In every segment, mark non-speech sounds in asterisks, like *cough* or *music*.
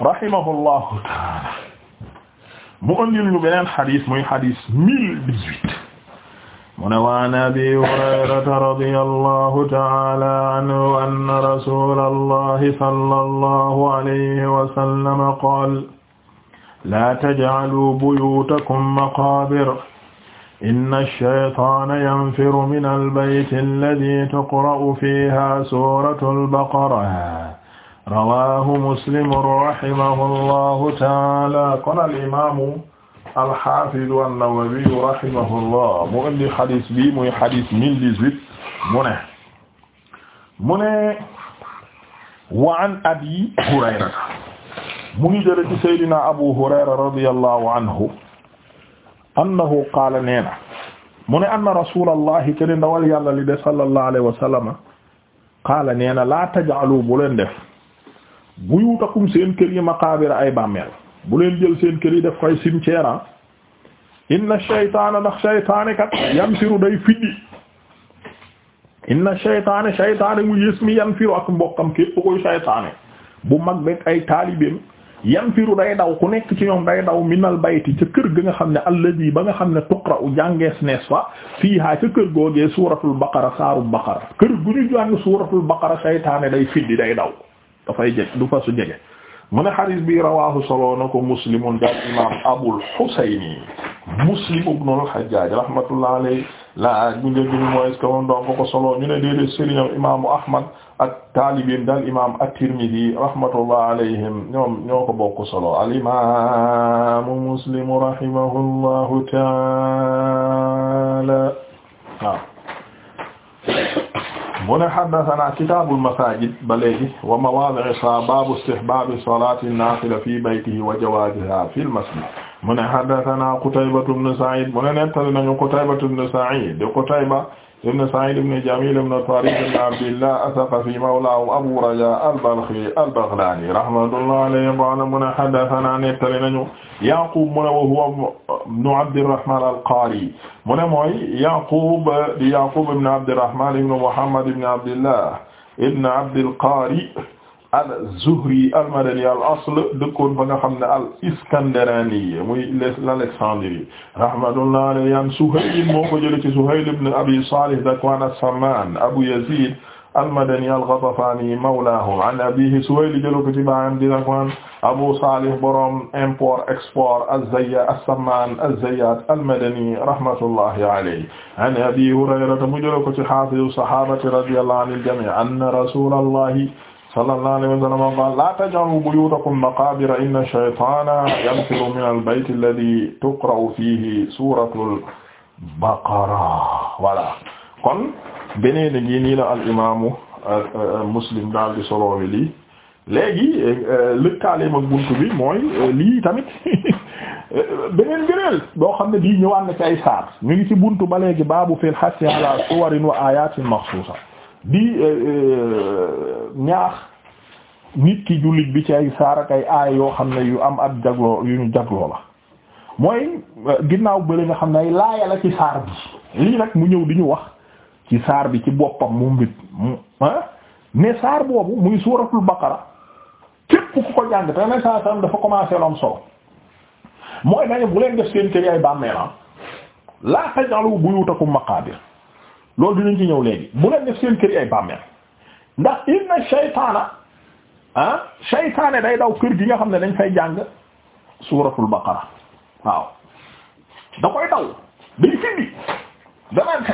rahimahullahu taala mu andil ñu beneen xadis muy xadis mille dix-huit mu ne waan abi hurayrata radiyallahu taala anhu anna rasulallahi sallallahu alayhi wa sallam qaala laa taj'aluu buyuutakum maqaabir inna ash-shaytaana yanfiru mina al-bayti alladhii tuqra'u fiihaa suuratul baqara rawahu muslim rahimahullahu taala kon al imamu alhafidu annawawiyu rahimahullah mu indi xadis bi muy xadis mille dix-huit mu ne mu ne wa an abi hurayrata mu ngi jële ci saydina abu hurayra radiyallahu anhu annahu qaala neena mu ne anna rasulallahi te ne ndawal yàlla li de sallallahu alayhi wa sallama qaala neena la taj'alu bu leen def buyuutakum seen kër yi maqaabira ay bàmmeel bu leen jël seen kër yi def koy cimetière ah. inna shaytaana ndax shaytaane kat yanfiru day fiddi inna shaytaane shaytaane mu yës mi yanfiru ak mbokkam képp koy shaytaane bu mag beeg ay taalibeem yanfiru day daw ku nekk ci ñoom day daw minal bayti ca kër ga nga xam ne alladi ba nga xam ne tuqra'u jàngees nees fa fiihaa ca kër googee suuratul baqara saaru baqara kër gu ñu jàng suuratul baqara shaytaane daw dafay jeg du fasu jege mu ne xadis bi rawaahu soloo na ko muslimun daal imam abul xusayni muslim ibnu al-hajjaj rahmatullah alayhi la ñu njëkk ñu mooy que moom doon ko ko soloo ñu ne déedéet sëriñam imaamu ahmad ak taalibim daal imam at-tirmidhi rahmatullah alayhim ñoom ñoo ko bokk soloo al imamu muslimu rahimahullahu taala waaw mu ne haddathana kitaabul masaajid ba léegi wa mawaadi'ihaa baabu istihbaabi salaati naafila fii baytihi wa jawaazihaa fil masjid mu ne haddathana Qutaybatu bnu Sa'iid mu ne nettali nañu Qutaybatu bnu Sa'iid de Qutayba ibn Sa'id ibn Jamil ibn Tariq ibn Abdillah as-Saqafi mawlaahu Abu Raja al-Balkhi al-Baghlani rahmatullahi alayhi qala mu ne haddathana nettali nañu Yaqub mu ne wa huwa ibnu Abdirrahman al-Qari mu ne mooy Yaqub di Yaqub ibn Abdirrahman ibn Muhammad ibn Abdillah ibn Abdil Qari az-Zuhri al-Madani al-asl dëkkoon fa nga xam ne al-Iskandarani muy l'Alexandrie rahmatullah alayhi an Suhayl moo ko jëlee ci Suhayl ibn Abi Salih Dhakwan as-Samman Abu Yazid al-Madani al-Ghatafani mawlahum an abihi Suhayl jëlee ko ci baayam di Dhakwan Abu Salih borom import export az-Zayya as-Samman az-Zayyat al-Madani rahmatullah alayhi an Abi Hurayra mu jëlee ko ci hafiz sahabati radiyallahu anil jami' anna rasulullah sallallahu alayhi wa sallam qaala laa taj'aluu buyuutakum maqaabira inna shaytaana yanfiru minal bayti alladhii tuqra'u fiihi suuratul baqara voilà kon beneen a ngi nii la al imaamu euh, euh, Muslim daal di soloowe lii léegi euh, lëkkaaleem ak buntu bi mooy lii tamit *laughs* beneen gëneel boo xam ne bii ñëwaat na ci ay saar ñu ngi ci buntu ba léegi baabu fil hassi ala suwarin wa aayaatin maxsuusa di eh, eh, ñaax nit ki jullit bi ci ay saarak ay aay yoo xam ne yu am ab jagloo yu ñu jagloo la mooy eh, ginnaaw bële nga xam ne ay laaya la ci saar bi lii nag mu ñëw di ñu wax ci saar bi ci boppam mu mbit ah, mu ne saar boobu muy suuratul baqara képp ku ko jàng te ne saa sam dafa commencé loom solo mooy dañu bu leen def seen kër ay bàmmeelam laa taj'alu buyutakum maqaabir loolu dinañ ci ñëw léegi bu leen def seen kër yi ay bàmmeel ndax inna shaytaana ah shaytaane day daw kër gi nga xam ne dañ fay jàng suuratul baqara waaw da koy daw day findi danaan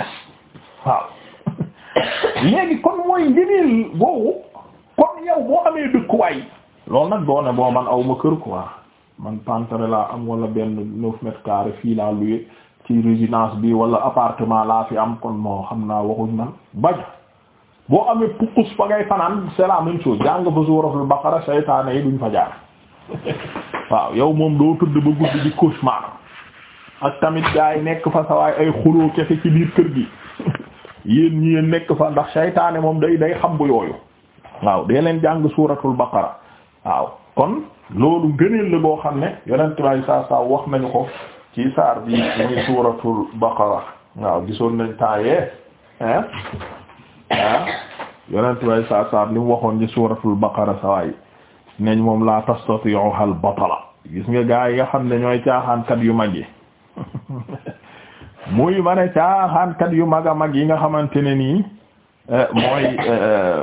waaw *laughs* léegi kon mooy ngëneel boobu kon yow boo amee dëkkuwaay loolu nag doone boo man awma kër quoi man pantere laa am wala benn neuf mètres carrés fii laa loué ci résidence bi wala appartement laa fi am kon moo xam naa waxuñ man bañ boo amee pukkus fa ngay fanaan c'est la même chose jàng ba suuratul baqara saytaane yi duñ fa jaar *laughs* waaw yow moom doo tëdd ba guddi di cauchemar ak tamit gaay nekk fa sawaay ay xuloo kefe ci biir kër gi *laughs* yéen ñi yéen nekk fa ndax saytaane moom day day xam bu yooyu waaw dee leen jàng suuratul baqara waaw kon loolu gëneel la boo xam ne yonent bi saa saa wax nañu ko ci saar bi muy suuratul baqara waaw gisoon nañ taayee ah ah yonent saar saar li mu waxoon ci suuratul baqara sawaay neñ moom la tastati'uha al batala gis nga gaa yi nga xam ne ñooy caaxaankat yu mag yi *laughs* muy ma ne caaxaankat yu mag a mag yi nga xamante ne nii eh, mooy eh,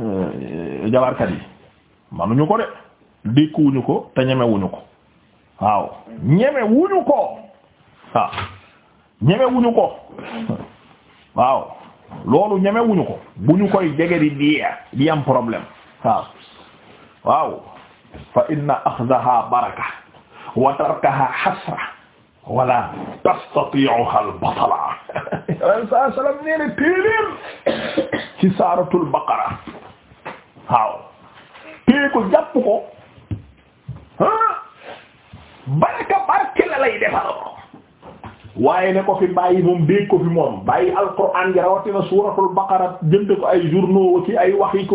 eh, jabarkat yi manuñu ko de dékkuwuñu ko te ñemewuñu ko waaw ñeme wuñu ko ñeme wuñu ko loolu ñeme wuñu ko bu ñu koy jege di di di am problème waaw waaw hasra wala tastati'uha al-batala alayhi salaam nee ne téeléer ci saaratul ko baraka barke la lay defal waaye ne ko fi bàyyi moom dégg ko fi moom bàyyi alquran gi rawatina suuratul baqara jënd ay journaux ci ay wax yi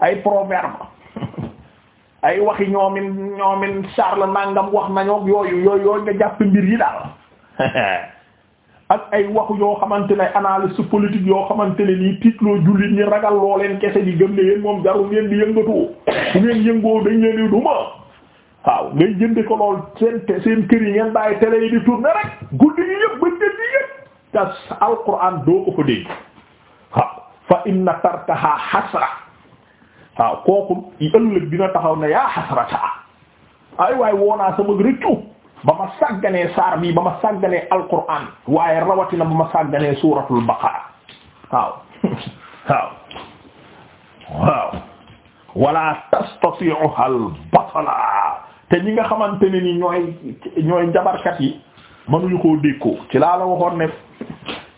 ay proverbe *laughs* ay waxi ñoomin ñoomin Charles nangam wax nañoo yooyu yooyu yooyu nga jàpp mbir yi daal *laughs* ak ay waxu yoo xamante ne analyse politique yoo xamante ne nii tiitloo jullit ñi ragal loo leen kese di gëm ne yéen moom jarul ngeen di yëngatu bu yëngoo dañ duma waaw ngay jënd ko lool seen seen kër yi ngeen bàyyi télé yi di tourner rek guddi yi yëpp ba jënd yi yëpp te alquran doo ko fa dégg waaw fa inna tarkaha hasra waaw kooku ëllëg dina taxaw ne yaa hasrata ay waay woonaa ba ma saar bi ba ma sàgganee alquran waaye rawatina ba ma sàgganee suuratul baqara waaw *laughs* wala tastati'uha al batala te ñi nga xamante ne ni ñooy ñooy njabarkat yi mënuñu koo dékkoo ci laa la waxoon ne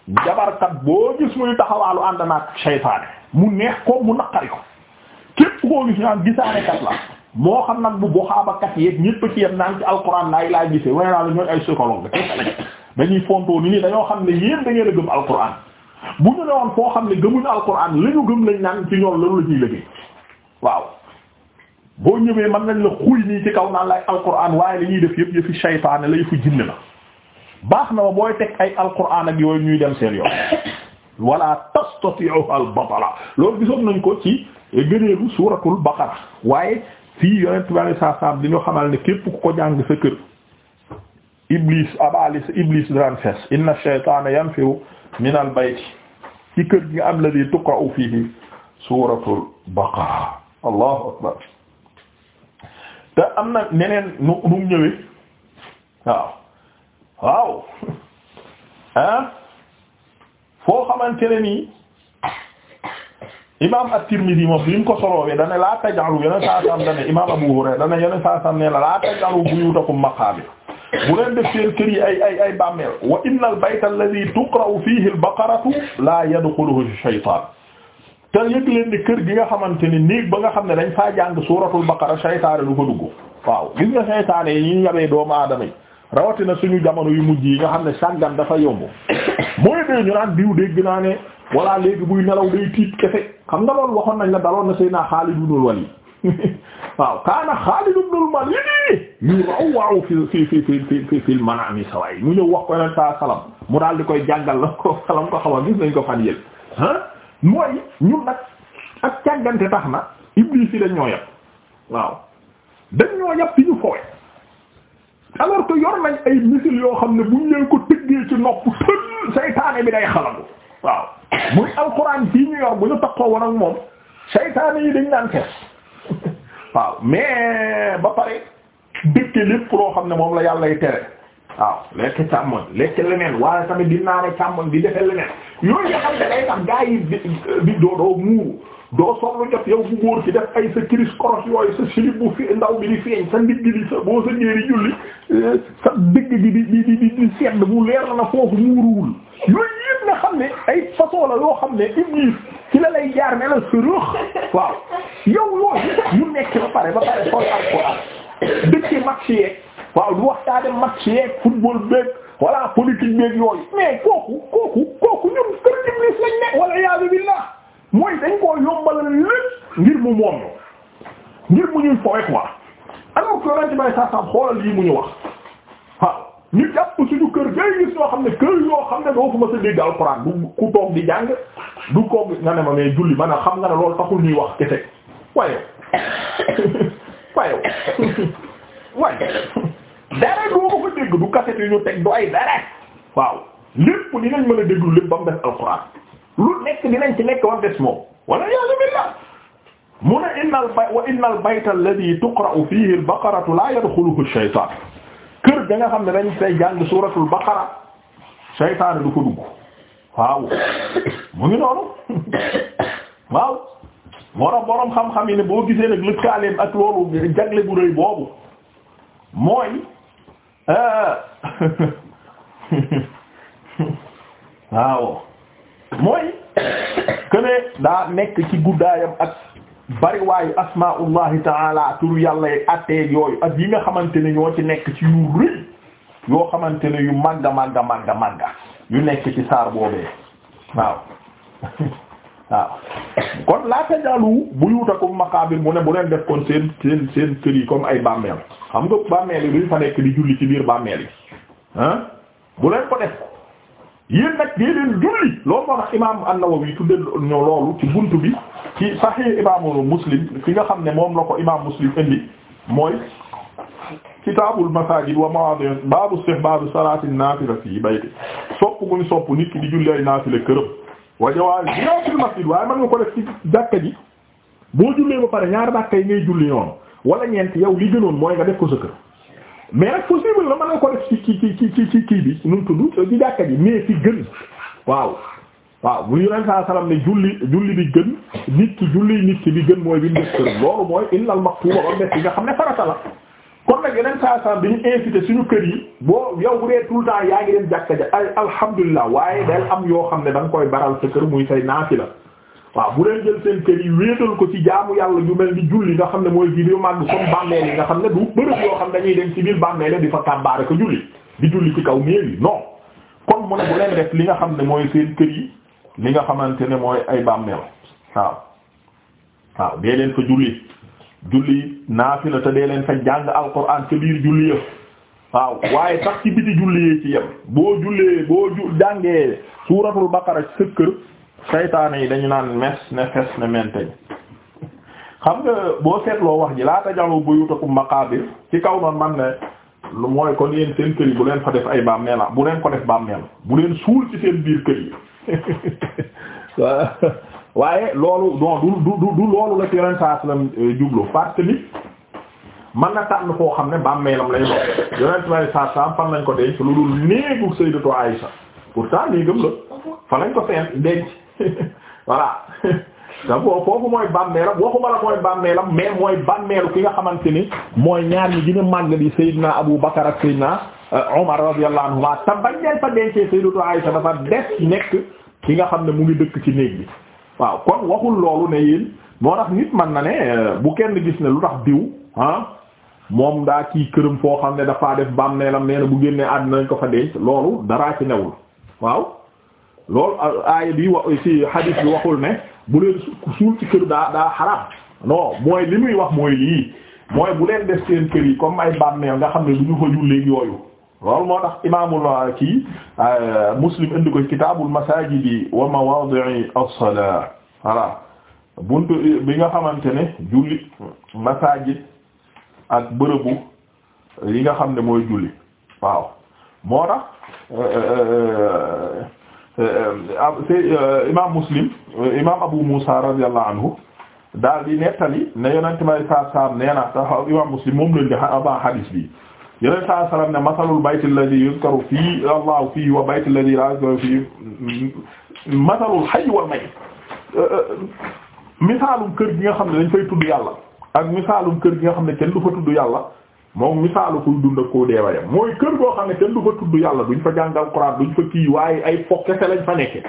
njabarkat boo gis muy taxawaalu ànd naag seytaane mu neex ko mu naqari ko képp koo gis ñaan gisaanekat la moo xam nag bu boxaabakat yeeg ñëpp ci yem naan ci alxuraan laay laa gisee wane naa la ñooy ay psychologue dañuy fontoo ni nii dañoo xam ne yéen da ngeen a gëm alxuraan bu ñu ne woon foo xam ne gëmuñu alxuraan la ñu gëm lañ naan ci ñoom loolu la ñuy boo ñëwee mën nañ la xuy nii ci kaw naan la ay alquran waaye li ñuy def yëpp yëfi shaytaane la yëfu jinne la baax na ma booy teg ay alquran ak yooyu ñuy dem seen yoon wala tastati'uha al batala loolu gisoon nañ ko ci gëneelu suuratul baqara waaye fii yonent bi alei saa salaam di ñu xamal ne képp ku ko jàng sa kër iblis abalis iblis dran fes inna shaytaana yanfiru min al bayti ci kër gi nga am la di tuqra'u fiihi suuratul baqara allahu akbar te am na neneen nu nu mu ñëwee waaw waaw ah *laughs* foo xamante ne nii imaam at-Tirmidhi moom bi mu ko soloobee dana laa taj'alu yeneen saa saam dana imaam Abu Hurayra dana yeneen saa saam ne la laa taj'alu buyutakum maqaabir bu leen def seen kër yi ay ay ay bàmmeel wa innal bayta alladhi tuqra'u fiihi al-baqaratu laa yadxuluhu ash-shaytaan te yëg leen ni kër gi nga xamante ni néeg ba nga xam ne dañ faa jàng suuratul baqara saytaane lu ko dugg waaw gis nga saytaane yi ñu yabee doomu aadama yi rawatina suñu jamono yu mujj yi nga xam ne sàngam dafa yomb mooy dee ñu naan diw dégg naa ne walla léegi buy nelaw day tiit kese xam nga loolu waxoon nañ la daloon na Seydina Xaalid ibnul Waliid *laughs* waaw kaana Xaalid ibnul Waliid yu raw waaw fi fi fi fi fi fi fil ñu sawaay ñëw wax ko yeneen saa salam mu daal di koy la ko salam ko xaw ko fan mooy ñun nag ak càggante tax na iblis yi dañ ñoo yàpp waaw dañ ñoo yàpp ci ñu fowe alors que yor nañ ay missiles yoo xam ne buñ leen ko tëggee ci nopp tël bi day xalagu waaw muy alxuraan bii ñu yor bu ñu takkoo woon moom saytaane yi dañ naan fees *laughs* waaw mais ba pare dëkke lépp loo xam ne moom la yàllay tere waaw lekk càmmoñ lekk leneen waaye tamit di naane càmmoñ di defe leneen yooyu nga xam ne day gaa yi di doo doo muuru doo soxlu jot yow bu góor ci def ay sa kiris koros yooyu sa silib bu ndaw bi di feeñ sa ndigg di sa boo sa ñeeri julli sa digg gi di sedd bu leer na foofu muuruwul yooyu yëpp nga xam ne ay façon la yoo xam ne iblis ki la lay jaar ne la sërëx waaw yow yooyu mu nekk ba pare ba pare xool alxuraan dëkk ci marché waaw lu wax daa dem match yeeg football beeg wala politique beeg yooyu mais kooku kooku kooku ñun kër iblis lañ ne wala iyaazu billah mooy dañ koo yombalal lépp ngir mu moom ngir mu ñuy fowe quoi alors que yonent bay sasam xoolal lii mu ñu wax waaw ñu jàpp suñu kër day gis yoo xam ne kër yoo xam ne doo ko mës a dégg alxuraan du ku toog di jàng du ko nga ne ma mais julli man a xam nga ne loolu taxul ñuy wax kese waaye waaye waaye dara doo ko fa dégg du kaset yu ñu teg du ay dara waaw lépp dinañ mën a déglu lépp ba mu des alxuraan lu nekk dinañ ci nekk ba mu des moom wala yaa billah mu ne innal bay wa innal bayta alladhi tuqra'u fihi al-baqaratu la yadkhuluhu ash-shaytan kër ga nga xam ne dañ fay jàng suuratul baqara shaytaan du ko dugg waaw mu ngi noonu waaw moo tax boroom xam-xam yi ne boo gisee nag lëkkaaleem ak loolu jagle bu rëy boobu mooy Ah. *laughs* waaw mooy que daa nekk ci guddaayam ak bariwaayu asmaullahi taala turu yàlla yi atteeg yooyu ak yi nga xamante ne ñoo ci nekk ci yu rëy yoo xamante ne yu màgga màgga màgga màgga yu nekk ci saar boobee waaw *laughs* waaw kon laa tajaalu buyuutakum maqaabir mu ne bu leen def kon seen seen seen kër yi comme ay bàmmeel xam nga bàmmeel yi duñ fa nekk di julli ci biir bàmmeel yi ah bu leen ko def yéen nag dee leen julli loolu moo tax imaam an-Nawawi tudde loolu ci bunt bi ci Sahih imaamu Muslim fi nga xam ne moom la ko imaam Muslim indi mooy kitaabul masaajid wa mawaadi' baabu istihbaab salaati naafila fii bayti sopp guñ sopp nit ki di julli ay naafila wa jawaaz jiyaw fil masjid waaye mën nga ko def ci jàkka ji boo jullee ba pare ñaari bàkka yi ngay julli noonu wala ñeent yow li gënoon mooy nga def ko sa kër mais nag possible la mën nga ko def ci ci ci ci ci kii bi nu mu tudd ci jàkka ji mais ci gën waaw waaw bu ñu leen saa salaam ne julli julli bi gën nit ki julli nit ki bi gën mooy bi mu def kër loolu mooy illal maktuba ba def nga xam ne farata la kon nag yeneen saa saa bi ñu invité suñu kër yi boo yow bu dee tout le temps yaa ngi dem jàkka ja ay alhamdulilah waaye day am yoo xam ne da nga koy baral sa kër muy say la waaw bu dee jël seen kër yi wéetal ko ci jaamu yàlla ju mel ni julli nga xam ne mooy biir yu mag comme bàmmeel yi nga xam ne du bërëb yoo xam dañuy dem ci biir bàmmeel di fa kàbbaare ko julli di julli ci kaw néew yi non kon mu ne bu leen def li nga xam ne mooy seen kër yi li nga xamante ne mooy ay bàmmeel waaw waaw julli naafila te dee leen fa jàng alquran ca biir julli yëpp waaw waaye sax ci biti julli ci boo jullee boo ju jàngee suuratul baqara ci sa kër saytaane yi dañu naan mes ne fes ne menteñ xam nga boo seetloo wax ji laa tajalu buyutakum maqaabir ci kaw noonu man ne lu mooy ko yéen seen kër bu leen fa def ay bàmmeel bu leen ko def bàmmeel bu leen suul ci seen biir kër *laughs* waaye loolu don du du du loolu la ci saa salaam euh, jublu parce que nit man na tànn foo xam ne bàmmeelam lay doon yonent may saa salaam fan lañ ko denc lu dul néegu Sayyidatu Aïsa pourtant néegam la fan lañ ko seen denc *laughs* voilà boo *laughs* foofu mooy bàmmeelam waxuma la mooy bàmmeelam mais mooy bàmmeelu ki nga xamante ni mooy ñaar ñi gën a màgg di Seydina Abu Bakar ak Seydina Omar euh, radiyallahu anhu te bañ leen fa dencee Sayyidatu Aïsa dafa des nekk ki nga xam ne mu ngi dëkk ci néeg bi waaw kon waxul loolu ne yéen moo tax nit man na ne euh, bu kenn gis ne lu tax diw ah moom daa kii këram foo xam ne dafaa def baam neelam nee na bu génnee àdduna nañ ko fa denc loolu daraa ci newul waaw loolu euh, aaya bi wa ci hadith bi waxul ne bu leen suul ci kër daa daa xaraam non mooy li muy wax mooy lii mooy bu leen def seen kër yi comme ay baam nga xam ne du ñu fa julleek yooyu loolu moo tax imaamul euh, kii euh, Muslim indi kitaabul masaajidi wa mawaadi'i as-salaa voilà buntu bi nga xamante ne julli masaajid ak bërëbu yi nga xam ne mooy julli waaw moo tax euh, imaam Muslim imaam Abu Muusa radiyallahu anhu daal di nettali ne yonent may saab saab nee tax imaam Muslim moom lañ di abaa xadiis bi yeneen saa salaam ne masalul bayti alladhi yuzkaru fii allahu fii wa bayti alladhi laa yuzkaru fii euh, euh, kër gi nga xam ne dañ fay tudd yàlla ak misaalum kër gi nga xam ne kenn du fa tudd yàlla moom misaalu kuy dund ak koo deeba mooy kër goo xam ne kenn du fa tudd yàlla duñ fa jàngal Qur'an duñ fa kii waaye ay fo kese lañ fa nekke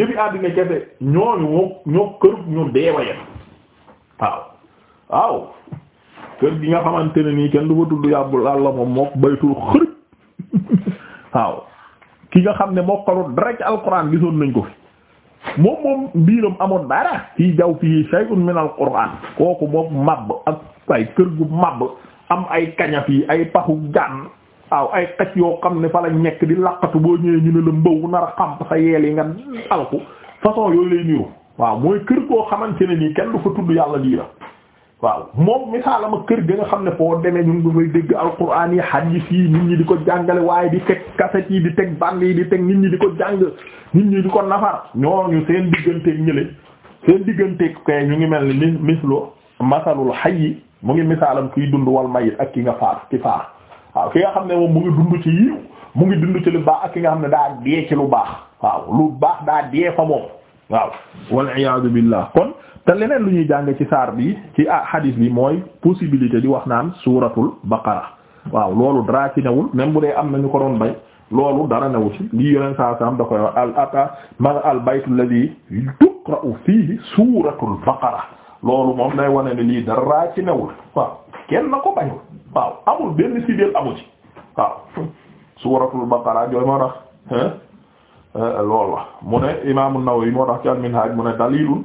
yëfi àddina kese ñooñu ñoo ñoo kër ñu deeba waaw waaw kër gi nga xamante ne nii kenn du fa tudd yàbbu yàlla moom mook baytul xërëj *laughs* waaw ki nga xam ne mokkalut dara ci alquran gisoon nañ ko fi moom moom mbiiram amoon dara fii jaw fii shay'un min alquran kooku mook màbb ak ay kër gu màbb am ay kañaf yi ay paxu jànn waaw ay xaj yoo xam ne fa lañ nekk di laqatu boo ñëwee ñu ne la mbaw nar a sa yeel yi nga alku façon yooyu lay niru waaw mooy kër goo xamante ne nii kenn du fa tudd yàlla lii waaw moom misaalama kër ga nga xam ne foo demee ñun du fay dégg alquran yi hadith yi nit ñi di ko jàngale waaye di teg cassette yi di teg bande yi di teg nit ñi di ko jàng nit ñi di ko nafar ñooñu seen digganteeg ñële seen digganteeg kay ñu ngi mel ni mi mislo masalul yi mu ngi misaalam kiy dund wal mayit ak ki nga faar ki faar waaw ki nga xam ne moom mu ngi dund ci yiw mu ngi dund ci lu baax ak ki nga xam ne daa dee ci lu baax waaw lu baax daa dee fa moom waaw wal iyaadu te leneen lu ñuy jàng ci saar bi ci a ah hadith bi mooy possibilité di wax naan suuratul baqara waaw loolu dara ci newul même bu dee am nañu ñu ko doon bay loolu dara newu ci lii yoneen saa saam da koy wax al ata man al baytu alladhi tuqra'u fiihi suuratul baqara loolu moom ne lii dara ci newul waaw kenn na ko bañul waaw amul benn sibeel amu ci waaw baqara jooy moo tax euh, loolu la mu ne imaamu Nawawi moo tax ci al minhaj mu ne dalilun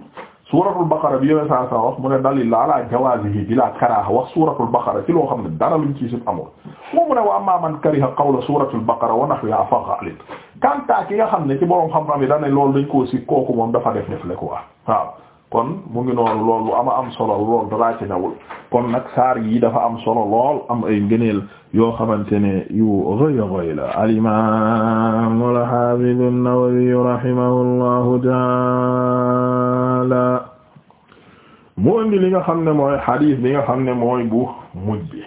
suuratul baqara bi yeneen saa saa wax mu ne dalil la ala jawaazihi bila karaaha wax suuratul baqara ci loo xam ne dara luñ ci suñ amul moom mu ne wa ammaa man kariha qawla suuratul baqara wa nahwihaa fa ghalib kanta ki nga xam ne ci borom xam-xam yi dañ ne loolu dañ koo si kooku moom dafa def def le quoi kon mu ngi noonu ama am solo lool daraa ci kon nag saar yi dafa am solo lool am ay ngëneel yoo xamante ne yu rëy a rëy la al imam al hafiz taala mu indi li nga xam ne mooy xadiis bi nga xam ne mooy bu mujj bi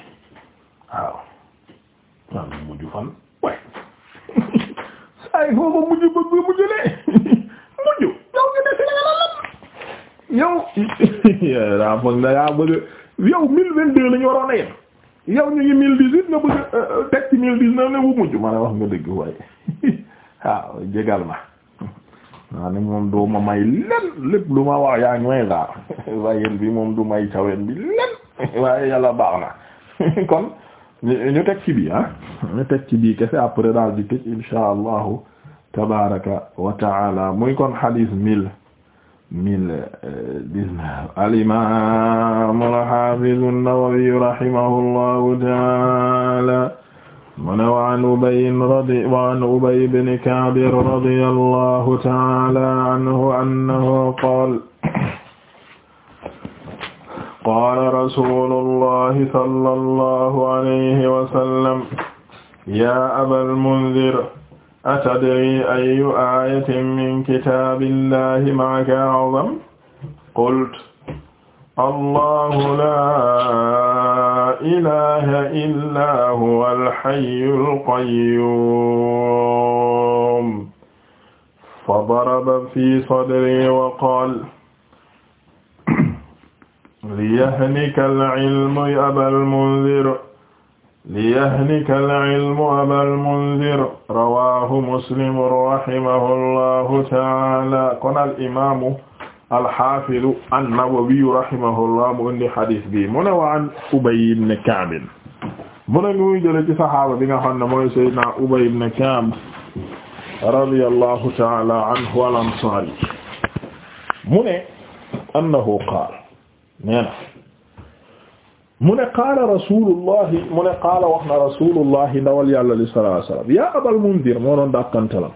waaw waaw mujj fan way *laughs* saay *laughs* yow *laughs* eh, daa foog na yaa bëgg yow mille vingt deux la ñu waroon a ñu ngi mille dix huit nga bëgg euh, euh, teg ci mille dix neuf ne bu mujj ma wax nga dëgg waaye *laughs* waaw jégal ma naa *laughs* ne moom doo ma may lenn lépp lu ma wax yaa ngi may daal wayel bi moom du may cawen bi lenn waaye yàlla baax na kon ñu teg ci bii ah ñu teg ci bii kese après daal di tëj insha allahu tabaraka wa muy kon hadith mille mille euh, dix-neuf al-imaam al-haafiz an-Nawawi rahimahullahu ta'aala mu ne wa an Ubay radi wa an Ubay ibn Ka'b radiyallahu ta'aala anhu annahu qaala qaala rasuulullahi sallallahu alayhi wa sallam yaa Abal Mundhir atadri ayu ayatin min kitaabillahi ma'aka a'zam qult allahu laa ilaha illa huwal hayyul qayyuum fadaraba fi sadri wa qaala liyahnikal ilmu abal munzir liyahnika al-ilmu abal munzir rawaahu muslim rahimahullahu taala kon al imaamu alxaafidu an-nawawiyu rahimahullah mu indi xadis bi mu ne wa an Ubay ibn Ka'b mu ne muy jële ci saxaaba bi nga xam ne mooy Seydina Ubay ibn Ka'b radiyallahu taala anhu al-ansaari mu ne annahu qaala mu ne qaala rasulullahi mu ne qaala wax na rasulullahi ndawal yàlla li sallallahu alayhi wasallam yaa abal mundir moo doon dàkkante la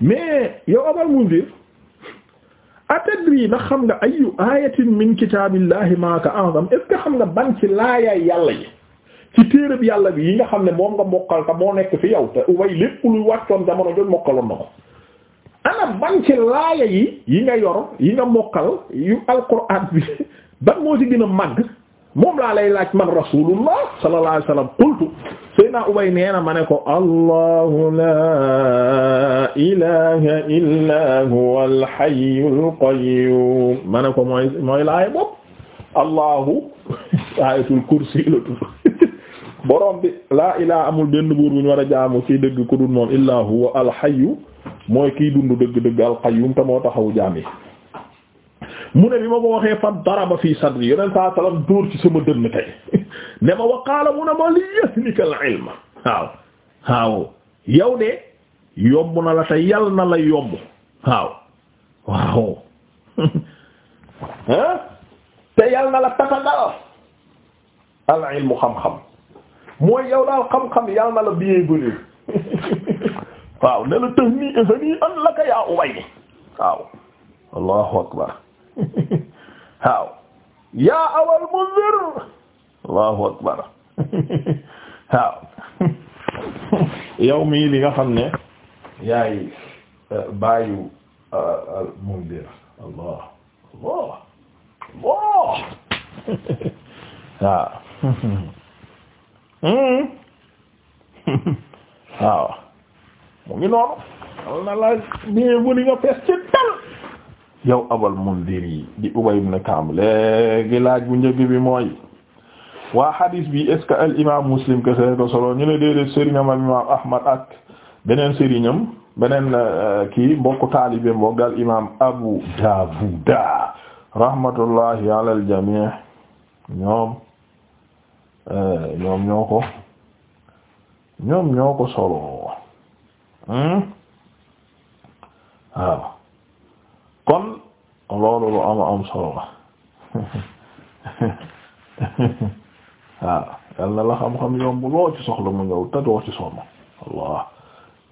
mais yow abal mundir atadri na xam nga ayu ayatin min kitaabillahi maaka a'zam est ce que xam nga ban ci laayaay yàlla yi ci téereb yàlla bi yi nga xam ne moom nga mokkal te moo nekk fi yow te ubay lépp luy wàccoon jamono jot mokkaloon na ko ana ban ci laaya yi yi nga yor yi nga mokkal yu alquraan bi ban moo ci gën a màgg moom laa lay laaj man rasulullah sallallahu alayhi wasallam qultu sayna ubay nee na ma ne ko allahu la ilaha illa huwa alhayyul qayyum ma ne ko mooy mooy laay bopp allahu ayatul kursi la tudd *laughs* borom bi laa ilaha amul benn buur bu ñu war a jaamu ci dëgg ku dul moom illaa huwa alhayyu mooy kiy dund dëgg-dëgg alqayyum te moo taxawu jaam yi mu ne bi ma ko waxee fan daraba fii sadri yeneen saa salaam dóor ci sama dënn tey *laughs* ne ma waqaala mu ne ma li yahnika al ilma waaw waaw yow de yomb na la te yal na la yomb waaw waaw ah *laughs* te yal na la tasagal al ilmu xam-xam mooy yow daal xam-xam yal na la biyee bëri *laughs* waaw ne la tëx nii nii an laka yaa ubay waaw allahu akbar *laughs* waaw yaa awal munzir allahu akbar *laughs* waaw *laughs* yow mii li nga xam ne yaay euh, baayu euh, al munzir allah allah allah waaw hmm. mu ngi noonu na la bienvenu nga fees ci dal yow abal mundir yi di ubay ibn Kaab léegi laaj bu njëkk bi mooy waa hadis bi est ce que al imam muslim kese ko solo ñu ne déedéet sëriñam al imam ahmad ak beneen sëriñam beneen euh, kii mbokku taalibe mbokk al imam abu daawuda rahmatullahi ala al jamii ñoom euh, ñoom ñoo ko ñoom hmm? waaw kon loolu lu am am solo la waaw yal na la xam-xam yomb loo ci soxla mu ñëw te doo ci sonn Allah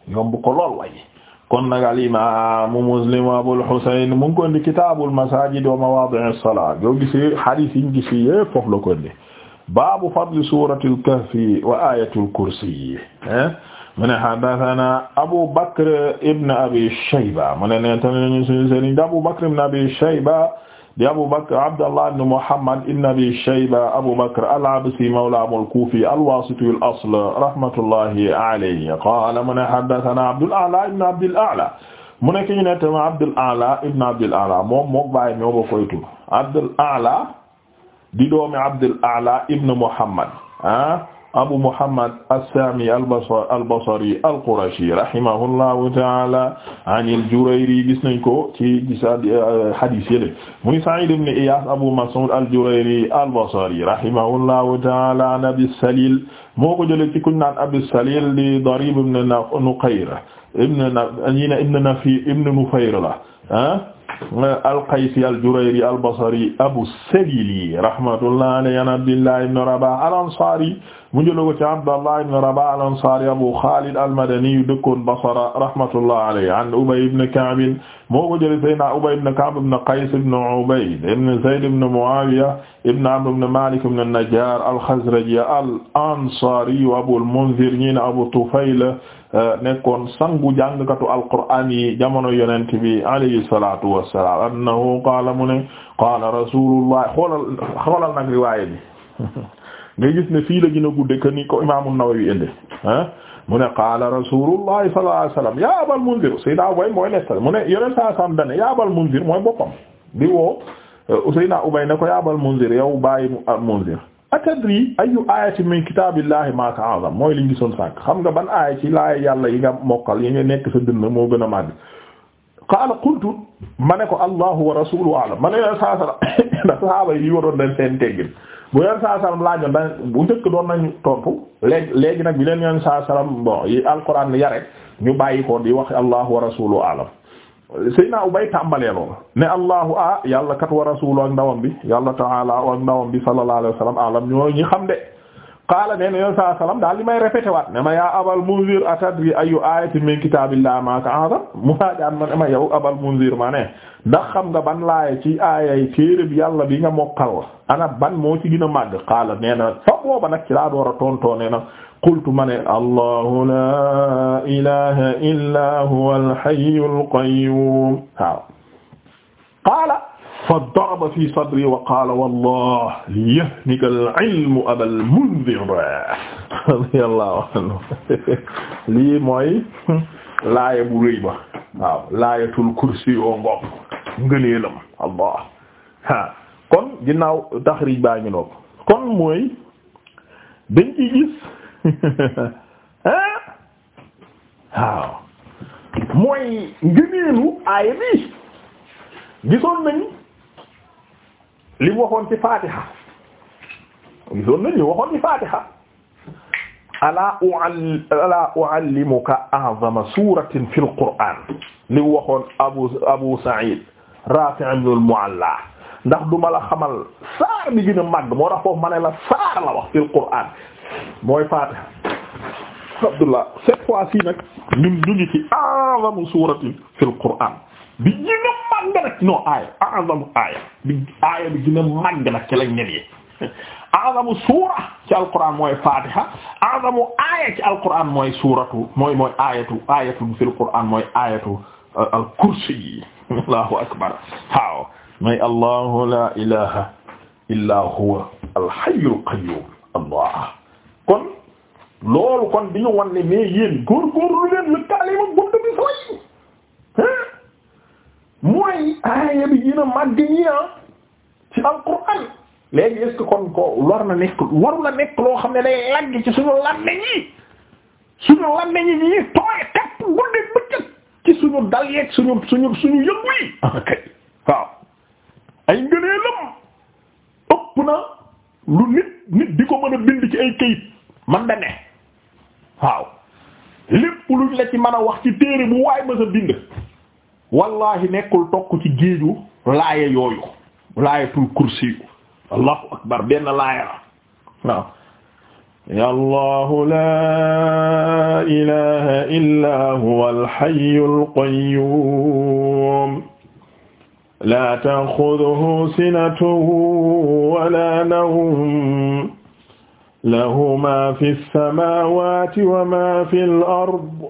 yomb ko lool waaye kon nag al imam Muslim Abul Husayn mu ngi ko indi kitaabul masaajid wa mawaadi'is salaa yoo gisee hadiis yi ñu gisee yépp foofu la ko indi baabu fadli suuratil kahfi mu ne haddathana Abu Bakr ibn Abi Shayba mu ne nettali ñu sunu sëriñ di Abu Bakr ibn Abi Shayba di Abu Bakr Abdallah ibn Muhammad ibn Abi Shayba Abu Bakr al-Absi mawla al-Kufi al-Wasiti al-asl rahmatullahi alayhi qala mu ne haddathana Abdul A'la ibn Abdil A'la mu ne ki ñu nettali Abdul A'la ibn Abdil A'la moom moo bàyyi ñoo ba koy tudd Abdul A'la di doomi Abdul A'la ibn Muhammad ah abu muhammad as-saami al-basri al-qurashi rahimahullahu ta'ala an al-jurayri gis nañ ko ci gisaad euh, hadis yële muy sa'id ibn iyas abu mas'ud al-jurayri al-basri rahimahullahu ta'ala an abi salil moo ko jëlee ci kuñ naan abi salil di darib ibn nuqayr ibn ibn nafi ibn nufayr la al-Qaysi al-Jurayri al-Basri Abu Salili rahmatullah alayhi an Abdillah ibn Rabah al-Ansari mu jël ko ci Abdallah ibn Rabah al-Ansari Abu Khalid al-Madani dëkkoon Basra rahmatullah alayhi an Ubay ibn Ka'b moo ko jëlee Seydina Ubay ibn Ka'b ibn Qays ibn Ubayd ibn Zayd ibn Muawiya ibn Amr ibn Malik ibn an-Najjar al-Khazraji al-Ansari wa Abu al-Mundhir ñi na Abu Tufayl Euh, nekkoon sangu jàngkatu alqur'aan yi jamono yonent bi alayhi salatu wassalam annahu qaala mu ne qaala rasulullah xoolal nag riwaaya bi *laughs* gis ne fii la gën a gudde que ni ko imaamu Nawawi indi ah mu ne qaala rasulullahi sallallahu alayhi wasallam ya abal munzir sayyidina Ubay mooy nettal mu ne yonent saa dane ya abal munzir mooy boppam di woo euh, sayyidina Ubay ne ko ya abal munzir yow bàyyi al ah, munzir atadri ayu ayati min kitaabillahi maa ka azam mooy liñ gisoon sànq xam nga ban aaya ci laay yàlla yi nga mokkal yi nga nekk sa dënn moo gën a màgg qaala qultu ma ne ko allahu wa rasuluhu alam ma ne yoleen saa sallam ndax *coughs* sahaaba yi waroon dañ seen teggin bu yoleen saa sallam laajoon da bu njëkk doon nañu tontu le léegi nag bi leen yoleen sa sallam bon yi alquran yare ñu bàyyi koo di wax allahu wa rasuluhu alam Seydina Ubay tàmbalee lool ne allahu ah yàlla kat wa rasulu ak ndawam bi yàlla taala ak ndawam bi sallallahu alayhi wa sallam xam de qaala nee na yoon saa daal li may répété waat ne ma yaa abal munzir atadri ayu ayatin min kitaabillah maa ka azam *laughs* mu haajaan ma ne ma yow abal munzir ma ne ndax xam nga ban laaya ci aayay téere bi yàlla bi nga mokkal ana ban moo ci gën a màgg qaala nee na fa booba nag ci laa door a tontoo nee na qultu ma ne allahu la ilaha illa huwa alhayyu alqayyum waaw qaala fa daraba fi sadri wa qaala wallah liyahnika alilmu abal munzir radiyallahu anhu lii mooy laaya bu rëy ba waaw laayatul kursi yoo ngoom ngëneelam allah ha kon ginnaaw taxrij baa ngi noonu kon mooy dañ ci gis *laughs* waaw mooy ngëneelu aaya bi gisoon nañ li mu waxoon ci Fatiha gisoon nañ li waxoon ci Fatiha alaa u'al alaa u'allimuka a'zama suratin fil qur'an li mu waxoon Abu Abu Sa'id Rafi' ibn al-Mu'alla ndax duma la xamal saar bi gën a màgg moo tax foofu ma ne la saar la wax fil qur'an mooy Fatiha Abdullah cette fois-ci nag ñun ñu ngi ci a'zamu suuratin fil Qur'an bi gën a màgg nag non aaya a'zamu aaya bi aaya bi gën a màgg nag ci lañ ñëwee a'zamu suura ci alquran mooy Fatiha a'zamu aaya ci alquran mooy suuratu mooy mooy aayatu aayatu fil Qur'an mooy aayatu euh, al-kursi Allahu akbar waaw mooy Allahu la ilaha illa huwa al-hayyul qayyum Allah kon loolu kon di ñu wan ne mais yéen góorgóorlu leen lu taal yi ma gudd bi sooy mooy aaya bi gën a màgg ñi ah ci alquran léegi est-ce que kon ko war la nekk loo xam ne day lagg ci suñu làmme ñi suñu làmme ñi ñi tooy kapp guddi bëccëg ci suñu dal yeeg suñu suñu suñu yëngu yi kay waaw ay ngëneelam ëpp na lu nit nit di ko mën a bind ci ay kayit man da ne waaw lépp luñ la ci mën a wax ci téere bu waay ma sa bind wallahi nekkul tokk ci géeju laaya yooyu laayatul kursi yu allahu akbar benn laaya la waaw yallahu la ilaha illa huwa alhayyul qayyum la ta'khudhuhu sinatun wala nawm lahu ma fi samaawaati wa ma fi al-ard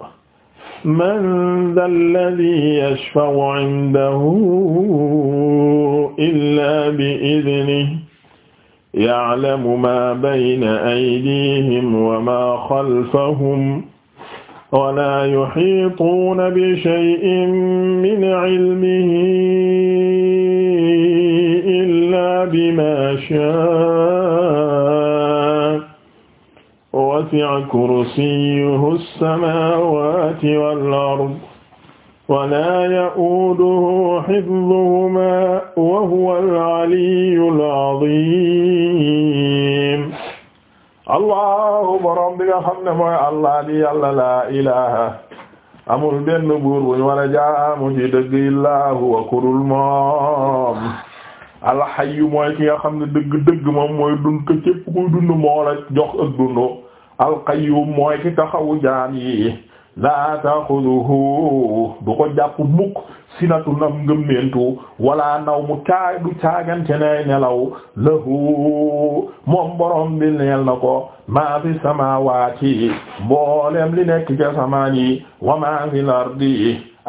man dha alladhi yashfa'u 'indahu illa bi idhnihi ya'lamu ma bayna aydihim wa ma khalfahum wa la yuhituuna bi shay'in min 'ilmihi illa bima sha'a وسع كرسيه السماوات والأرض ولا يؤوده حفظهما وهو العلي العظيم allahu borom bi nga xam ne mooy allah di yàlla laa ilaha amul benn buur buñ war a jaamu ci dëgg illaa huwa kudul moom alxayu mooy ki nga xam ne dëgg dëgg moom mooy dund ko képp kuy dund moo la jox ak dundoo alqayyum mooy taxawu jaam yi laa taxuduhu du ko jàpp mukk sinatu nam ngëmmentu wala naw mu caagante nay nelaw lahu moom borom bi neel na ko maa fi samaawaati mboolem li nekk ca samaan wa maa fil ardi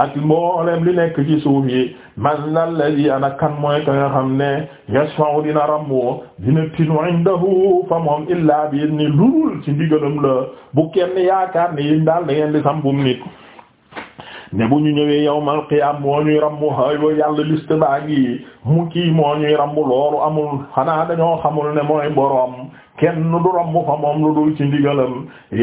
ak mboolem li nekk ci suuf yi man alladhi ana kan mooy ka nga xam ne yashfa'u dina rambo dina tinu indahu fa moom illaa bi ni lulul ci ndigalam la bu kenn yaakaar ne yi daal dangeen ngeen di sambum nit ne bu ñu ñëwee yawmal qiyaam moo ñuy rambu haywa yàlla liste baa ngi mu kii moo ñuy rambu loolu amul xanaa dañoo xamul ne mooy boroom kenn du romb fa moom lu dul ci ndigalam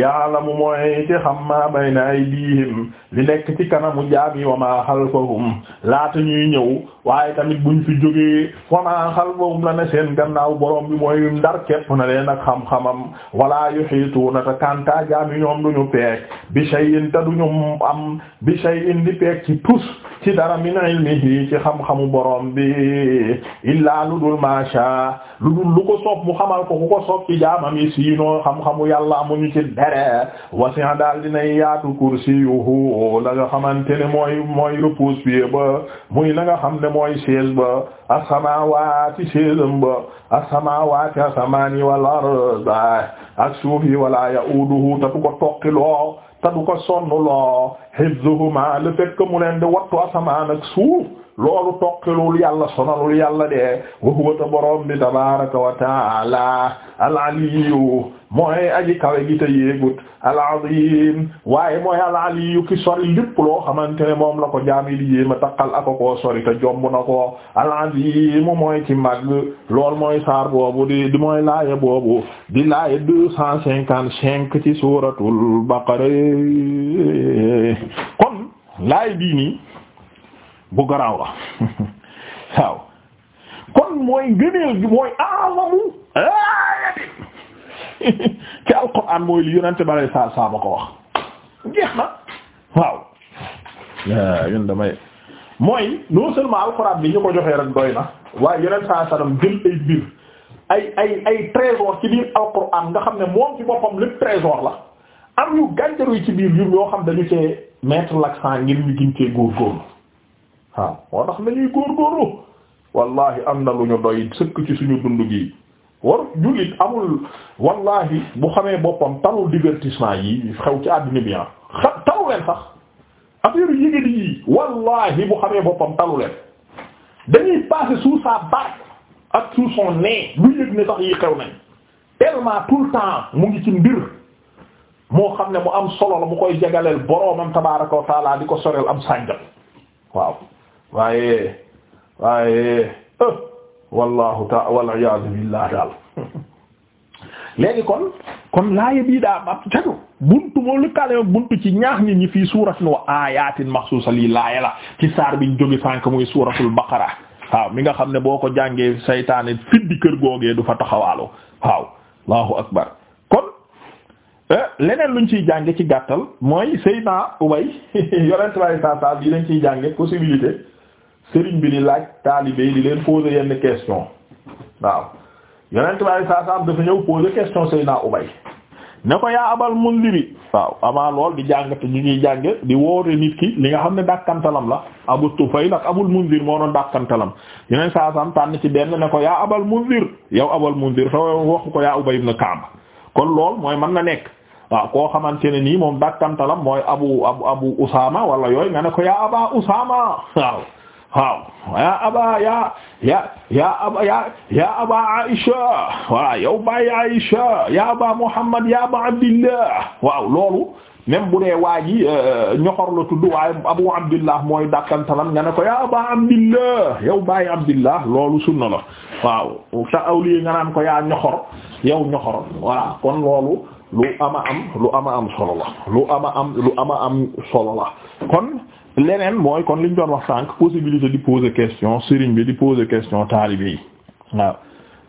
yaalamu mooy ci xam maa bayna aydihim li nekk ci kanamu jaam yi wa maa xalfahum laata ñuy ñëw waaye tamit buñ fi jógee wama xalbahum la na seen gannaaw borom bi mooy ndar képp na le ak xam-xamam wala yuhituuna te kanta jaam yi ñoom duñu peek bi shay'in te duñu am bi shay'in di peek ci tus ci dara min ilmihi ci xam-xamu borom bi illaa lu dul maasha lu dul lu ko soob mu xamal ko ku ko soob ci jaamam yi siinoo xam-xamu yàlla amuñu ci dere wasi'a daal dinay yaatu kursiyuhu la nga xamante ne mooy repose-pied ba muy la nga xam ne mooy chaise ba as-samaawaati chaise ba as-samaawaati as-samaani wal ard ak suuf yi wala ya'uuduhu ta du ko toqiloo ta du ko sonnuloo hifzuhumaa le fait que mu leen di wattu asamaan ak suuf loolu toqilul yàlla sonalul yàlla de wa huwa ta borom bi tabaraka wa taala al-aliyyu mooy aji kawe gi te yéegut al waaye mooy al-aliyyu ki sori lépp loo xamante ne moom la ko jaam yi di yéema taqal ako koo sori te jomb na ko al-azim mooy ci mag lool mooy saar boobu di mooy laaye boobu di laaye deux cent cinquante cinq ci suuratul baqara kon laay bii bu garaaw la *laughs* waaw kon mooy ngëneel gi mooy a'zamu *laughs* ci alquran mooy li yonente ba lay saar saaba ko wax jeex na waaw yun damay mooy non seulement alquran bi ñu ko joxee rek doy na waaye yonent saa sallam jël ay biir ay ay ay trésor ci biir alquran nga xam ne moom ci boppam lépp trésor la am yu gànjaru ci biir yu yoo xam dañu cee mettre l'accent ngir ñu gën cee góorgóorlu waaw moo tax nañuy góorgóorlu wallahi am na lu ñu doy sëkk ci suñu dund gi war jullit amul wallahi bu xamee boppam tarul divertissement yi xew ci àddina bi ah. xa taru leen sax affaire yëgadi yi wallahi bu xamee boppam taru leen dañuy passer sous sa ak sous son lu yëg ne sax yi xew nañ tellement tout le temps mu ngi ci mbir moo xam ne mu am solo la mu koy jagaleel boroomam tabaaraka wa di ko soreel am sànjal waaw waaye waaye wallahu ta wal iyaazu billah daal *laughs* léegi kon kon laaye bii daa ba tegu bunt moom lu kaale buntu ci ñaax nit ñi fii suuratin wa aayatin maxsuusa lii laaye la ci saar biñ jóge sànk muy suuratul baqara waaw mi nga xam ne boo ko jàngee saytaane fiddi kër googee du fa taxawaaloo waaw allahu akbar kon eh, leneen luñ ciy jànge ci gàttal mooy Seydina Ubay *laughs* yorent baay saa saa bii lañ ciy jànge possibilité sëriñ bi di laaj taalibe yi di leen poser yenn question waaw yonent bi saa saam dafa ñëw poser question Seydina Ubay ne ko yaa abal mundiri waaw avant lool di jàngate ñu ñuy jànge di woote nit nga xam ne dàkkantalam la abu tufayl ak abul mundir moo doon dàkkantalam yeneen saa saam tànn ci benn ne ko yaa abal mundir yow abal mundir sa waxu ko yaa ubay ibn kaab kon lool mooy mën na nekk waaw koo xamante ne nii moom dàkkantalam mooy abu abu abu usama wala yooyu nga ne ko yaa aba usama waaw waaw ya aba ya ya aba ya ya aba yow baay aisha ya muhammad ya aba abdillah waaw loolu même bu ne waa ji euh, ñoxor la tudd waaye abu abdillah mooy dàkkantalam nga ne ko ya aba abdillah yow baay abdillah loolu sunna la waaw sa awliye nga naan ko yaa ñoxor yow kon loolu lu ama am lu ama am solo lu ama am lu kon leneen mooy kon liñ doon wax sànq possibilité di poser question sëriñ bi di poser question taalibe yi waaw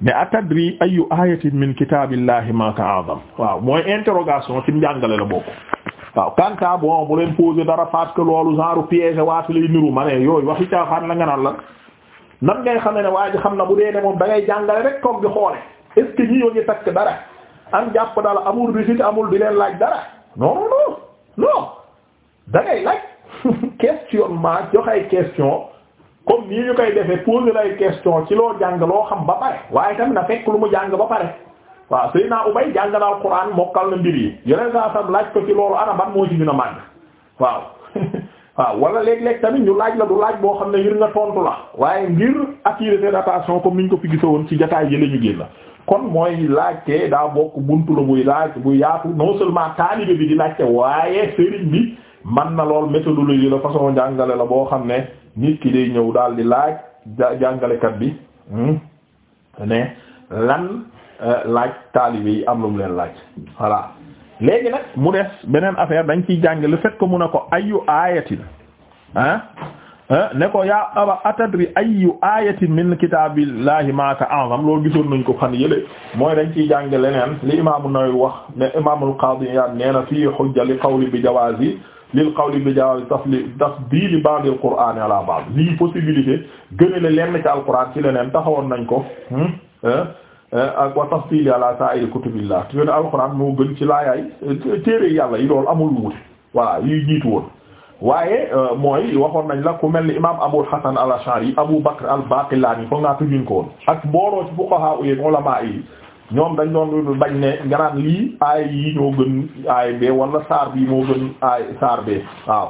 mais atadri ayu ayatin min kitaabillahi ma ta'azam waaw mooy interrogation ci njàngale la bokk waaw kanta bon bu leen poser dara parce que loolu genre piège waatu lay niru ma ne yooyu waxi caaxaan la nga naan la nan ngay xam ne ne waa ji xam na bu dee ne moom da ngay jàngale rek toog gi xoole est ce que ñi yoo ngi takk dara am jàpp dala amul visite amul di leen laaj dara non non non da *laughs* questionnement joxay question comme nii ñu koy defee poser lay question ci loo jàng loo xam ba pare waaye tamit na fekk lu mu jàng ba pare waaw Seydina Ubay jàng na alxuraan mokkal na mbir yi yeneen saa sam laaj ko ci loolu ana ban moo ci gën a màgg waaw *laughs* waaw wala léeg-léeg tamit ñu laaj la du laaj boo xam ne ngir nga tontu la waaye ngir attirer seen attention comme ñu ko fi woon ci jotaay yële ñu génn kon mooy laajte daa bokk buntu la buy laaj bu yaatu non seulement taalibe bi di laajte waaye bi man na lool méthodologie la façon jàngale la boo xam ne nit ki day ñëw daal di laaj jàngalekat bi hmm, ne lan euh, laaj taalibe yi am lu leen laaj voilà léegi nag mu des beneen affaire dañ ciy jàng le fait mu ne ko ayu ayatin ah ne ko yaa aba atadri ayu ayatin min kitaabillahi maaka a'zam loolu gisoon nañ ko fan yële mooy dañ ciy jàng leneen li imaamu Nawawi wax ne imaamul Qaadi Iyaad nee na fii hujja li qawli bi jawaazi lil qawli bi jawaabi tafli tafdili ba'd al qur'an ala ba'd lii possibilité gënale lenn ci alquran ci leneen taxawoon nañ ko hmm, eh, eh, ak wa tafdili ala sa'ir kutubillah te ne alquran moo gën ci laayaay eh, téere yàlla yi loolu amul wuute waa yuy jiitu woon waaye mooy waxoon nañ la ku mel ni imam Abul Hasan al yi Abu Bakr al-Baqillani foog naa tujuñ ko woon ak booroo ci fuqaha yi ulama yi ñoom dañ doon bañ ne nga naan lii aay yi ñoo gën aay bee wala saar bii moo gën aay saar bee waaw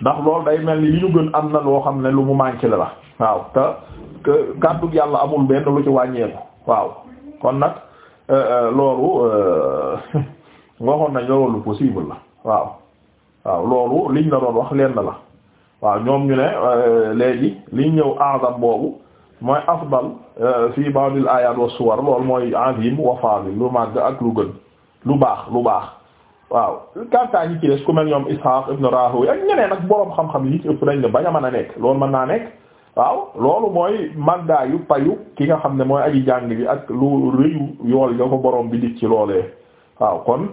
ndax loolu day mel ni li ñu gën am na loo xam ne lu mu mànk la la waaw te kàddu yàlla amul benn lu ci wàññeeku waaw kon nag euh, euh, loolu euh, *laughs* waxoon nañ loolu possible la waaw waaw loolu liñ la doon wax lenn la waaw ñoom ñu ne léegi liñ ñëw azam boobu mooy afdal euh, fii ba'dil ayat wa suwar loolu mooy azim wa fadil lu màgg ak lu gën lu baax lu baax waaw kantaa ñi ci des ku mel ñoom Ishaq ibn Rahowi ak ñeneen ak boroom xam-xam yi ci ëpp dañ ne bañ a mën a nekk loolu mën naa nekk waaw loolu mooy màggaayu payu ki nga xam ne mooy aji jàng bi ak lu rëyu yool nga ko boroom bi dig ci loolee waaw kon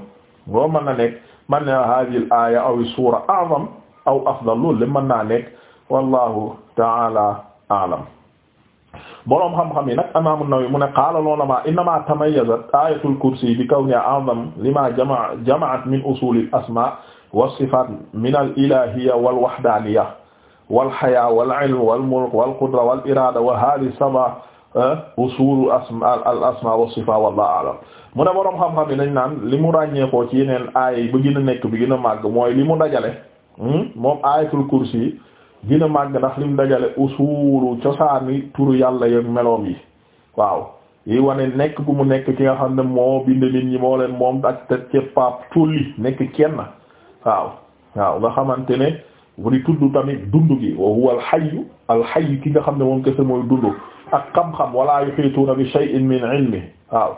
loolu mën na nekk man ne hadhihi al aya aw suura a'zam aw afdal loolu mën naa nekk wallahu ta'ala a'lam boroom xam-xam yi nag imaamu Nawawi mu ne qaala l'ulamaa innamaa tamayyazat aayatul kursi bi kawnihaa a'zam limaa jamaa jamaat min usuulil asmaa wa sifaat minal ilaahiyya wal wahdaaniyya wal hayaa wal ilm wal mulk wal qudra wal iraada wa haadihi sab'a eh, usuul asmaa al asmaa wa sifaat wallaahu a'lam mu ne boroom xam-xam yi dañ naan li mu ràññeekoo ci yeneen aaya yi bu gën a nekk bu gën a màgg mooy li mu dajale hmm, moom aayatul kursi dina màgg ndax lim dajale usulu cosaani turu yàlla yeeg meloom yi waaw yi wane nekk bu mu nekk ki nga xam ne moo bind nit ñi moo leen moom ak te cëppaab tulli nekk kenn waaw waaw nga xamante ne di tudd tamit dund gi wa huwa alxayu alxayu ki nga xam ne moom kese mooy dund ak xam-xam wala yuhituuna bi shay'in min ilmi waaw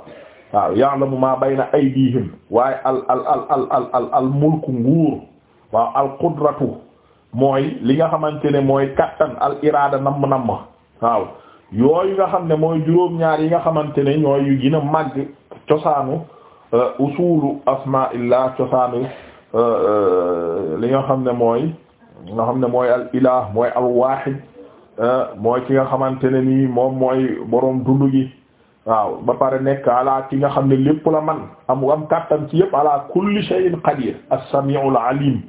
waaw ya'lamu ma bayna aydihim waaye al al al al al al mulku nguur waaw al qudratu mooy li nga xamante ne mooy kattan al iraada namm-namm waaw yooyu nga xam ne mooy juróom-ñaar yi nga xamante ne ñooy yu gën a màgg cosaanu euh, usulu asmaillah cosaanu euh, li nga xam ne mooy nga xam ne mooy al ilah mooy al wahid euh, mooy ki nga xamante ne nii moom mooy boroom dund gi waaw ba pare nekk ala ki nga xam ne lépp la man am am kattan ci yëpp ala kulli shay'in qadir as-sami'ul alim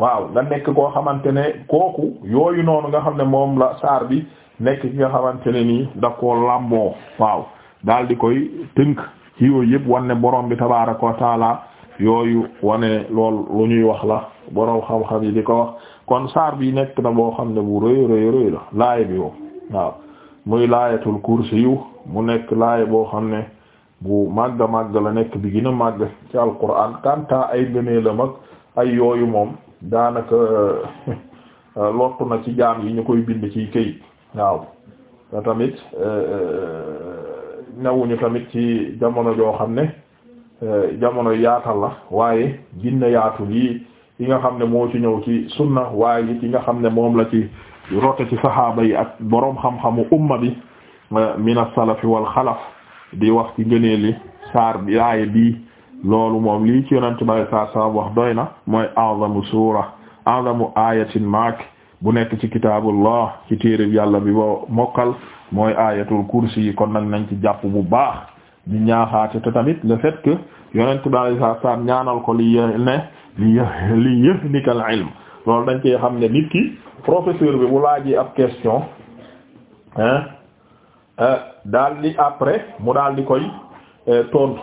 waaw nga nekk koo xamante ne kooku yooyu noonu nga xam ne moom la saar bi nekk ki nga xamante ne nii daf koo làmboo waaw daal di koy tënk ci yooyu yëpp wane borom bi tabaaraka wa taala yooyu wane lool lu ñuy wax la borom xam-xam yi di ko wax kon saar bi nekk na boo xam ne bu rëy rëy rëy la laay bi yow waaw muy laayatul kursi yu mu nekk laay boo xam ne bu màgg màgg la nekk bi gën a màgg ci alquran kanta ay gënee la mag ay yooyu moom daanaka euh, *laughs* lottu na ci jaam yi ñu koy bind ci këyit waaw te tamit euh, euh, newuñu tamit ci jamono joo xam ne jamono yaatal la waaye ginna yaatu lii yi nga xam ne moo ci ñëw ci sunna waaye yi nga xam ne moom la ci rote ci saxaaba yi ak boroom xam-xamu umma bi min as wal xalaf di wax ci ngëneeli saar bi aaye bii loolu moom lii ci yonent bay saa saa wax doy na mooy a'zamu suura a'zamu ayatin maak bu nekk ci kitaabullah ci téereb yàlla bi boo mokkal mooy ayatul kursi kon nag nañ ci jàpp bu baax di ñaaxaate tamit le fait que yonent bay saa saa ñaanal ko li ne li li yahnikal ilm loolu dañ cee xam ne nit professeur bi bu laajee ab question hein euh, daal di après mu daal di koy euh, tontu.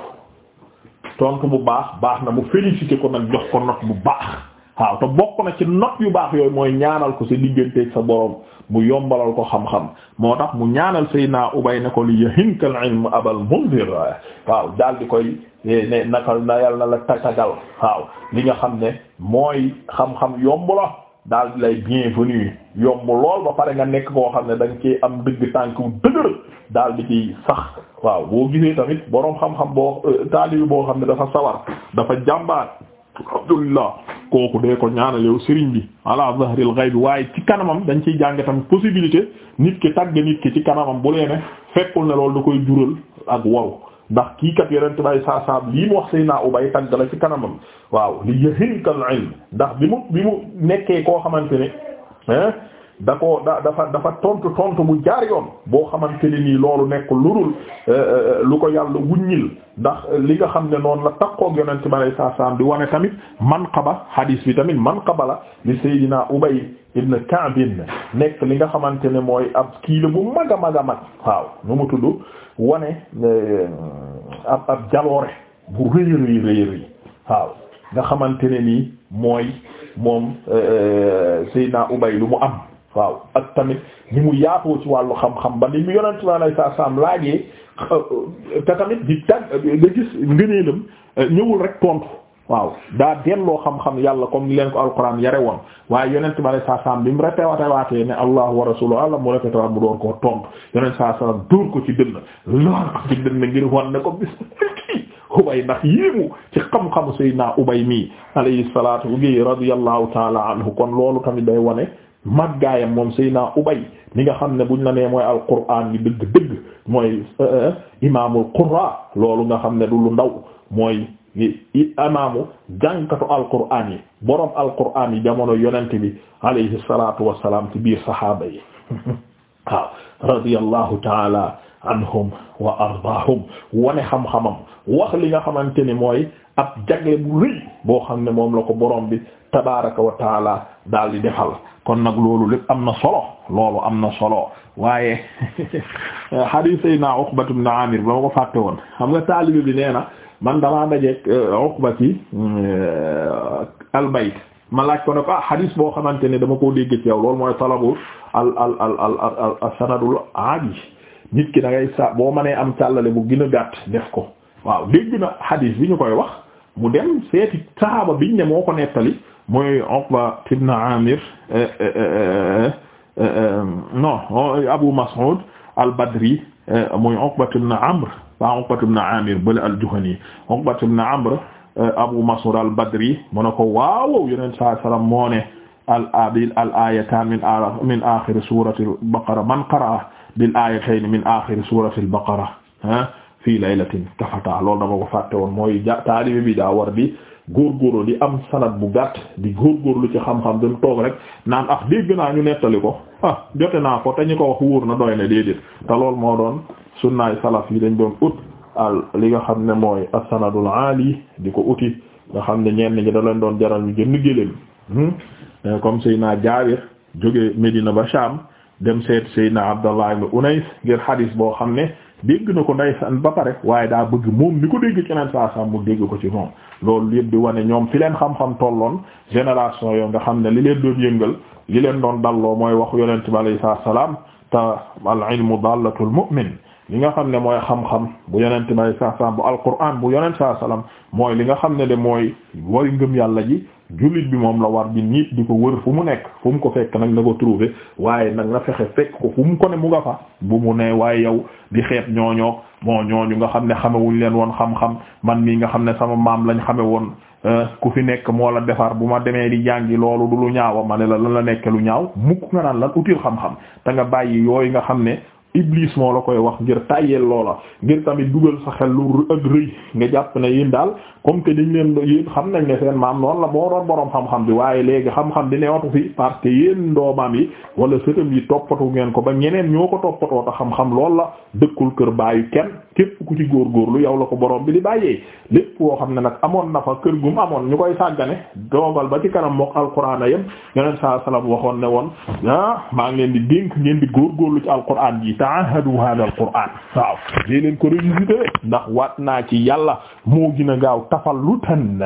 tontu bu baax baax na mu félicité ko nag jox ko note bu baax waaw te bokk na ci note yu baax yooyu mooy ñaanal ko sa digganteeg sa boroom mu yombalal ko xam-xam moo tax mu ñaanal naa Ubay ne ko li yahinka al-ilm Abal Munzir waaw daal koy eh, ne nakal na yàlla na la tatagal waaw li nga xam ne mooy xam-xam yomb daal di lay bienvenue yomb lool ba pare nga nekk koo xam ne da nga ci am dëgg tànk dëgër daal di ci sax waaw boo gisee tamit boroom xam-xam boo euh, taalibi boo xam ne dafa sawar dafa jàmbaar alhamdulillah kooku dee ko ñaanal yow sëriñ bi ala zahril bi waaye ci kanamam dañ ciy jàng tamit possibilité nit ki tagg nit ki ci kanamam bu lee ne fekkul ne loolu da koy jural ak waru ndax kii kat yonent bay saa saab lii mu wax Seydina Ubay tagg la ci kanamam waaw li yahinkal ilm ndax bi mu bi mu nekkee koo xamante ne da ko da dafa dafa tontu tontu bu jaar yoon boo xamante ni nii loolu nekk ludul euh, euh, lu ko yàlla wuññil ndax li nga xam ne noonu la takkoog yonent bi alayhi salaam di wane tamit man xaba hadis bi tamit manqaba la li Seydina Ubay ibn Ka'b nekk li nga xamante ne mooy ab kiilo bu mag a mag a mag waaw nu mu tudd wane euh, ab ab jaloore bu rëy rëy rëy waaw nga xamante ne nii mooy moom Seydina Ubay lu mu am. waaw ak tamit ni mu yaatoo ci wàllu xam-xam ba ni mu yonent ma lay saa saam laajee te tamit di tag nga gis ngëneelam ñëwul rek tontu waaw daa delloo xam-xam yàlla comme ni leen ko alquran yare woon waaye yonent ma lay saa bi mu repewatewaatee ne allahu wa rasuluhu allah mu repetewaat mu door ko tontu yonent saa saam ko ci dënn loor ko ci dënn ngir wan ne ko bis ubay ndax yéemu ci xam-xamu sayyidina ubay mii alayhi salatu gi radiyallahu taala anhu kon loolu tamit day wane màggaayam moom Seydina Ubay mi nga xam ne buñ la nee mooy alquraan yi dëgg-dëgg mooy euh, euh, imaamul loolu nga xam ne du lu ndaw mooy imaamu jànkatu alquraan yi boroom alquraan yi jamono yonent bi alayhi salaatu wassalaam ti biir saxaaba yi *laughs* waaw radiyallahu taala anhum wa ardaahum wane xam-xamam wax li nga xamante ni mooy ab jagle bu rëy boo xam ne moom la ko borom bi tabaraka wa taala daal di defal kon nag loolu lépp am na solo loolu am na solo waaye hadith *laughs* sayna Uqbat ibn Amir ba ma ko fàtte woon xam nga taalibe bi nee na man damaa dajeek euh, Uqba ci euh, albayt ma laaj ko ne ko ah, boo xamante ne dama koo dégg mooy talabu al al al al nit ki da ngay boo mënee am càllale bu gën a def ko waaw koy wax mu dem seeti saxaaba biñ ne moo ko nettali mooy Uqba ibn Amir eh, eh, eh, non Abu Mas'ud al-Badri muy Uqba ibn Amr ba Uqba ibn Amir bal al-Juhani Uqba ibn Amr Abu Mas'ud al-Badri mu ne ko waaw Yonent saa salaam moo ne al-abil al-ayatan min min akhir surati al-Baqara man qara'a bil ayatayn min akhir surati al-Baqara ha ah, fi laylatin kafata loolu dama ko fàtte woon mooy ja taalibe bi daa war bi góor góorgóorlu di am sanad bu gàtt di góor góorgóorlu ci xam-xam dañ toog rek naan ah dégg naa ñu nettali ko ah jote naa ko te ñu ko wax wóor na doy na déedéet te loolu moo doon sunnaay salaf yi dañ doon ut al li nga xam ne mooy as-sanadul aali di ko uti nga xam ne ñenn ñi da leen doon jaral ñu jënd gëléem hmm? eh, comme Seydina Jaabir jóge Medina ba Sham dem seet Seydina Abdallah ibn Unais ngir hadis boo xam ne dégg na ko ndeysaan ba pare waaye daa bëgg moom ni ko dégg ci naan saa saa mu dégg ko ci moom loolu yëpp di wane ñoom fi leen xam-xam tolloon génération yoo nga xam ne li leen doon yëngal li leen doon dalloo mooy wax yonent bi alayhi salaam te al ilmu dallatul mu'min li nga xam ne mooy xam-xam bu yonent bi alayhi salaam bu alquran bu yonent saa salaam mooy li nga xam ne de mooy woy ngëm yàlla ji jullit bi moom la war bi nit di ko wër fu mu nekk fu mu ko fekk nag na ko trouver waaye nag na fexe fekk ko fu mu ko ne mu nga fa bu mu nee waaye yow di xeet ñooñoo bon ñooñu nga xam ne xamewuñ leen woon xam-xam man mii nga xam ne sama maam lañ xame woon eh, ku fi nekk moo la defar bu ma demee di jàngi loolu du lu ñaawa ma ne la lan la nekk lu ñaaw mukk nga naan lan util xam-xam te nga bàyyi yooyu nga xam ne iblis moo la koy wax ngir tàyyeel loola ngir tamit dugal sa xel lu ak rëy nga jàpp ne yéen daal comme que dañ leen yéen xam nañ ne seen maam noonu la moo doon borom xam-xam bi waaye léegi xam-xam di fi parce que yéen wala sëtam yi toppatu ngeen ko ba ñeneen ñoo ko toppatoo ta loolu la dëkkul kër baayu kenn képp ku ci góorgóorlu yow la ko borom bi di bàyyee lépp woo xam ne nag amoon na fa kër gum amoon ñu koy sàggane doogal ba ci kanam mook alquran a yem yeneen saa salaam waxoon ne woon ah maa ngi leen di dénk ngeen di góorgóorlu ci alquran ji ta'ahadu hada alquran waaw lii leen ko révisité ndax waat naa ci yàlla moo gin a gaaw tafallutan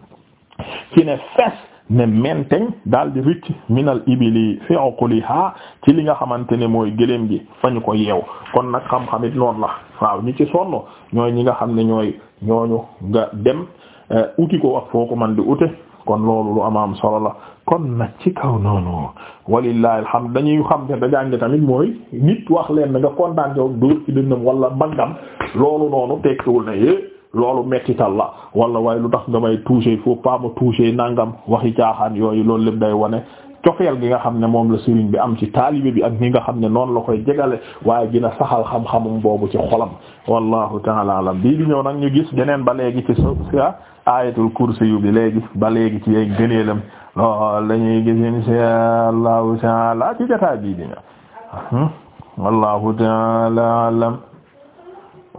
*laughs* ci ne fees ne menteñ daal di ricc minal ibili fi uquliha ci li nga xamante ne mooy gëléem gi ñu ko yeew kon nag xam-xamit noonu la waaw ñi ci sonn ñooy ñi nga xam ne ñooy ñooñu nga dem eh, uti ko wax foo ko man di ute kon loolu lu am solo la kon nag ci kaw noonu walillahi alhamd dañuy xam ne da jànge tamit mooy nit wax leen nga kontaan yow dóor ci dënnam wala mbaggam loolu noonu tekkiwul na yé eh, loolu mettital la wala waaye lu tax nga may toucher il faut pas ma toucher nangam waxi caaxaan yooyu loolu lépp day wane cofeel gi nga xam ne moom la sëriñ bi am ci taalibe bi ak ñi nga xam ne noonu la koy jegale waaye dina saxal xam-xamum boobu ci xolam wallahu taala alam bii di ñëw nag ñu gis beneen ba léegi ci sa ah, ayatul kursi yu bi léegi ba léegi ci yeeg gëneelam lool la ñuy gis insha allahu taala ci jotaay bii di ñëw hmm? wallahu taala